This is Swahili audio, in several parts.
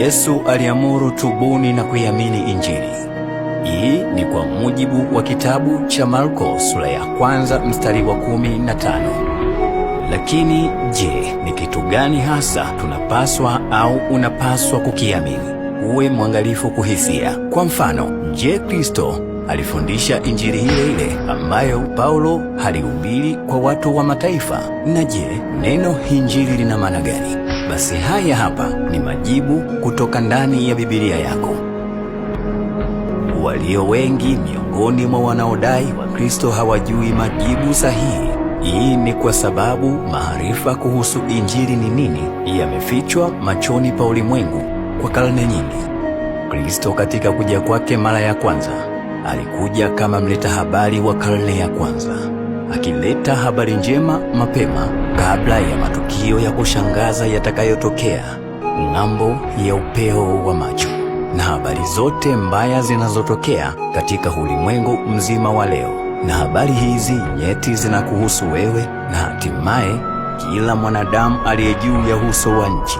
Yesu aliamuru tubuni na kuiamini Injili. Hii ni kwa mujibu wa kitabu cha Marko sura ya kwanza mstari wa kumi na tano. Lakini je, ni kitu gani hasa tunapaswa au unapaswa kukiamini? Uwe mwangalifu kuhisia. Kwa mfano, je, Kristo alifundisha Injili ile ile ambayo Paulo alihubiri kwa watu wa mataifa? Na je, neno Injili lina maana gani? Basi haya hapa ni majibu kutoka ndani ya Biblia yako. Walio wengi miongoni mwa wanaodai wa kristo hawajui majibu sahihi. Hii ni kwa sababu maarifa kuhusu Injili ni nini yamefichwa machoni pa ulimwengu kwa karne nyingi. Kristo katika kuja kwake mara ya kwanza alikuja kama mleta habari wa karne ya kwanza, akileta habari njema mapema kabla ya matukio ya kushangaza yatakayotokea ng'ambo ya upeo wa macho na habari zote mbaya zinazotokea katika ulimwengu mzima wa leo. Na habari hizi nyeti zinakuhusu wewe na hatimaye kila mwanadamu aliye juu ya uso wa nchi.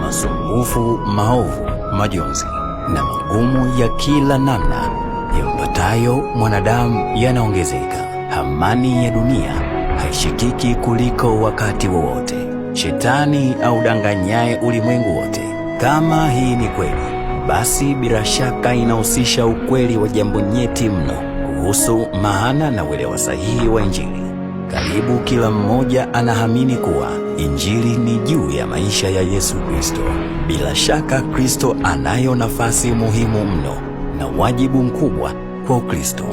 Masumbufu, maovu, majonzi na magumu ya kila namna yampatayo mwanadamu yanaongezeka. Amani ya dunia haishikiki kuliko wakati wowote. Shetani audanganyaye ulimwengu wote. Kama hii ni kweli, basi bila shaka inahusisha ukweli wa jambo nyeti mno kuhusu maana na uelewa sahihi wa Injili. Karibu kila mmoja anaamini kuwa Injili ni juu ya maisha ya Yesu Kristo. Bila shaka Kristo anayo nafasi muhimu mno na wajibu mkubwa kwa Ukristo,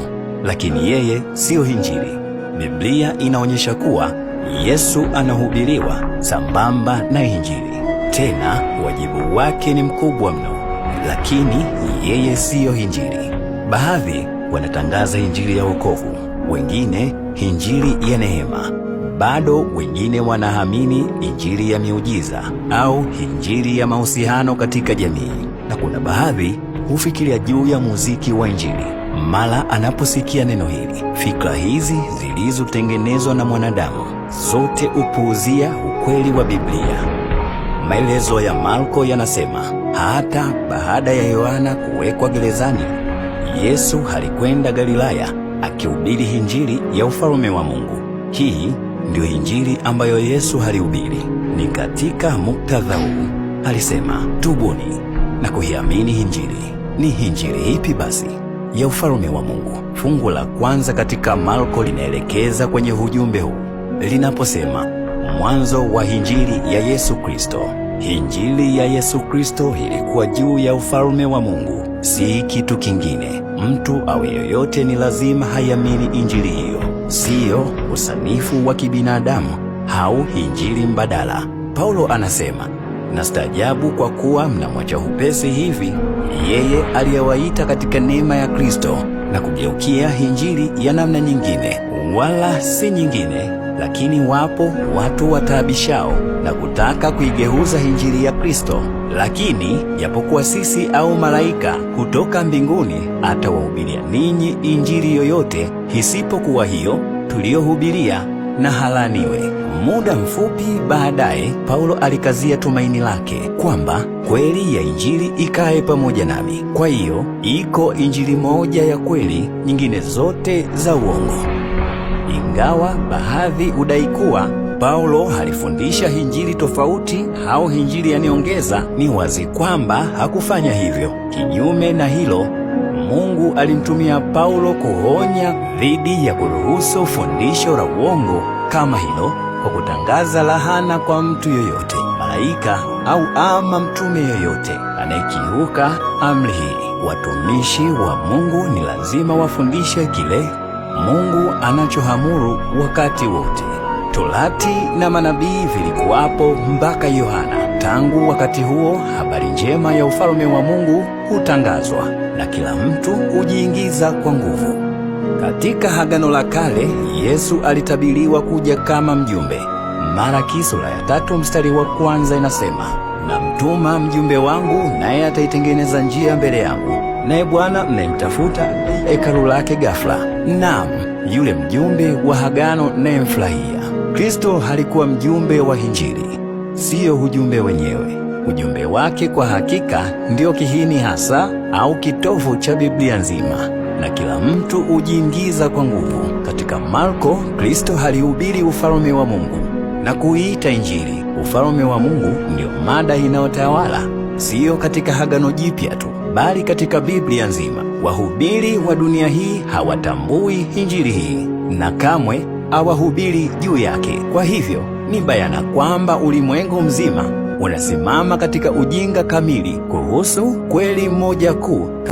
lakini yeye siyo Injili. Biblia inaonyesha kuwa Yesu anahubiriwa sambamba na Injili. Tena wajibu wake ni mkubwa mno, lakini yeye siyo Injili. Baadhi wanatangaza Injili ya wokovu, wengine Injili ya neema, bado wengine wanaamini Injili ya miujiza au Injili ya mahusiano katika jamii, na kuna baadhi hufikiria juu ya muziki wa Injili. Mara anaposikia neno hili, fikra hizi zilizotengenezwa na mwanadamu zote upuuzia ukweli wa Biblia. Maelezo ya Marko yanasema hata baada ya Yohana kuwekwa gerezani, Yesu alikwenda Galilaya akihubiri Injili ya ufalume wa Mungu. Hii ndiyo Injili ambayo Yesu alihubiri. Ni katika muktadha huu alisema, tubuni na kuiamini Injili. Ni Injili ipi basi? ya ufalme wa Mungu. Fungu la kwanza katika Marko linaelekeza kwenye ujumbe huu linaposema mwanzo wa injili ya Yesu Kristo. Injili ya Yesu Kristo ilikuwa juu ya ufalme wa Mungu, si kitu kingine. Mtu awe yoyote ni lazima hayamini injili hiyo, siyo usanifu wa kibinadamu au injili mbadala. Paulo anasema na staajabu kwa kuwa mnamwacha upesi hivi yeye aliyewaita katika neema ya Kristo na kugeukia injili ya namna nyingine, wala si nyingine. Lakini wapo watu wataabishao na kutaka kuigeuza injili ya Kristo. Lakini japokuwa sisi au malaika kutoka mbinguni atawahubiria ninyi injili yoyote isipokuwa hiyo tuliyohubiria na halaniwe. Muda mfupi baadaye, Paulo alikazia tumaini lake kwamba kweli ya injili ikae pamoja nami. Kwa hiyo iko injili moja ya kweli, nyingine zote za uongo. Ingawa baadhi udai kuwa Paulo alifundisha injili tofauti au injili ya niongeza, ni wazi kwamba hakufanya hivyo. Kinyume na hilo Mungu alimtumia Paulo kuonya dhidi ya kuruhusu fundisho la uongo kama hilo kwa kutangaza lahana kwa mtu yoyote, malaika au ama mtume yoyote anayekiuka amri hii. Watumishi wa Mungu ni lazima wafundishe kile Mungu anachohamuru wakati wote. Torati na manabii vilikuwapo mpaka Yohana. Tangu wakati huo habari njema ya ufalme wa Mungu hutangazwa na kila mtu hujiingiza kwa nguvu. Katika Agano la Kale, Yesu alitabiriwa kuja kama mjumbe. mara sura ya tatu mstari wa kwanza inasema, namtuma mjumbe wangu, naye ataitengeneza njia mbele yangu. Naye Bwana mnayemtafuta hekalu lake ghafla, naam, yule mjumbe wa agano nayemfurahia. Kristo alikuwa mjumbe wa Injili siyo ujumbe wenyewe. Ujumbe wake kwa hakika ndio kihini hasa au kitovu cha Biblia nzima, na kila mtu hujiingiza kwa nguvu. Katika Marko, Kristo alihubiri ufalme wa Mungu na kuiita Injili. Ufalme wa Mungu ndio mada inayotawala, siyo katika Agano Jipya tu, bali katika Biblia nzima. Wahubiri wa dunia hii hawatambui Injili hii na kamwe hawahubiri juu yake. Kwa hivyo ni bayana kwamba ulimwengu mzima unasimama katika ujinga kamili kuhusu kweli moja kuu.